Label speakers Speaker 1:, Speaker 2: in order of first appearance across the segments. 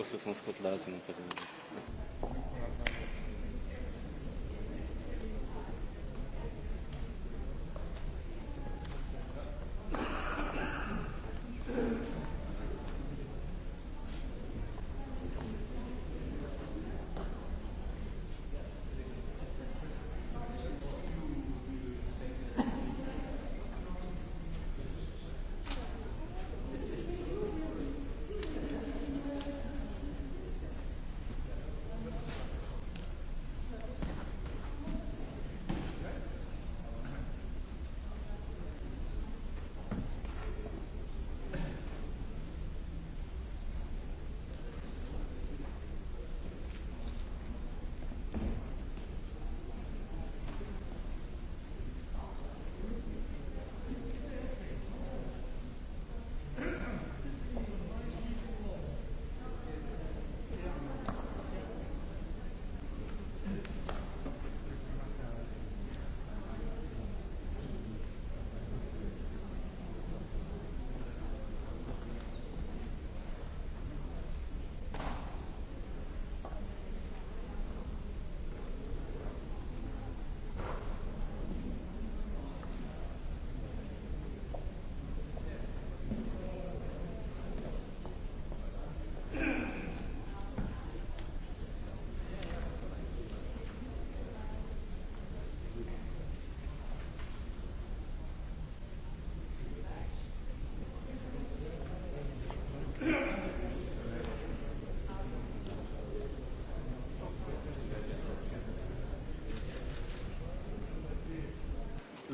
Speaker 1: o să sunt scot la alții, nu înțeleg.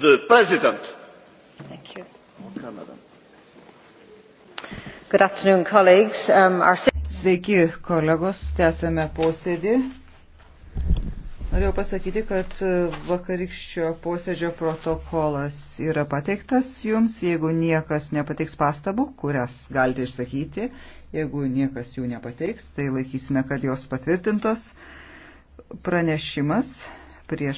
Speaker 2: the president. Thank you.
Speaker 3: Good afternoon, colleagues. Um, our... Sveiki, kolegos, tęsėme posėdį.
Speaker 1: Norėjau pasakyti, kad e, vakarykščio posėdžio protokolas yra pateiktas jums, jeigu niekas nepateiks pastabų, kurias galite išsakyti, jeigu niekas jų nepateiks, tai laikysime, kad jos patvirtintos pranešimas prieš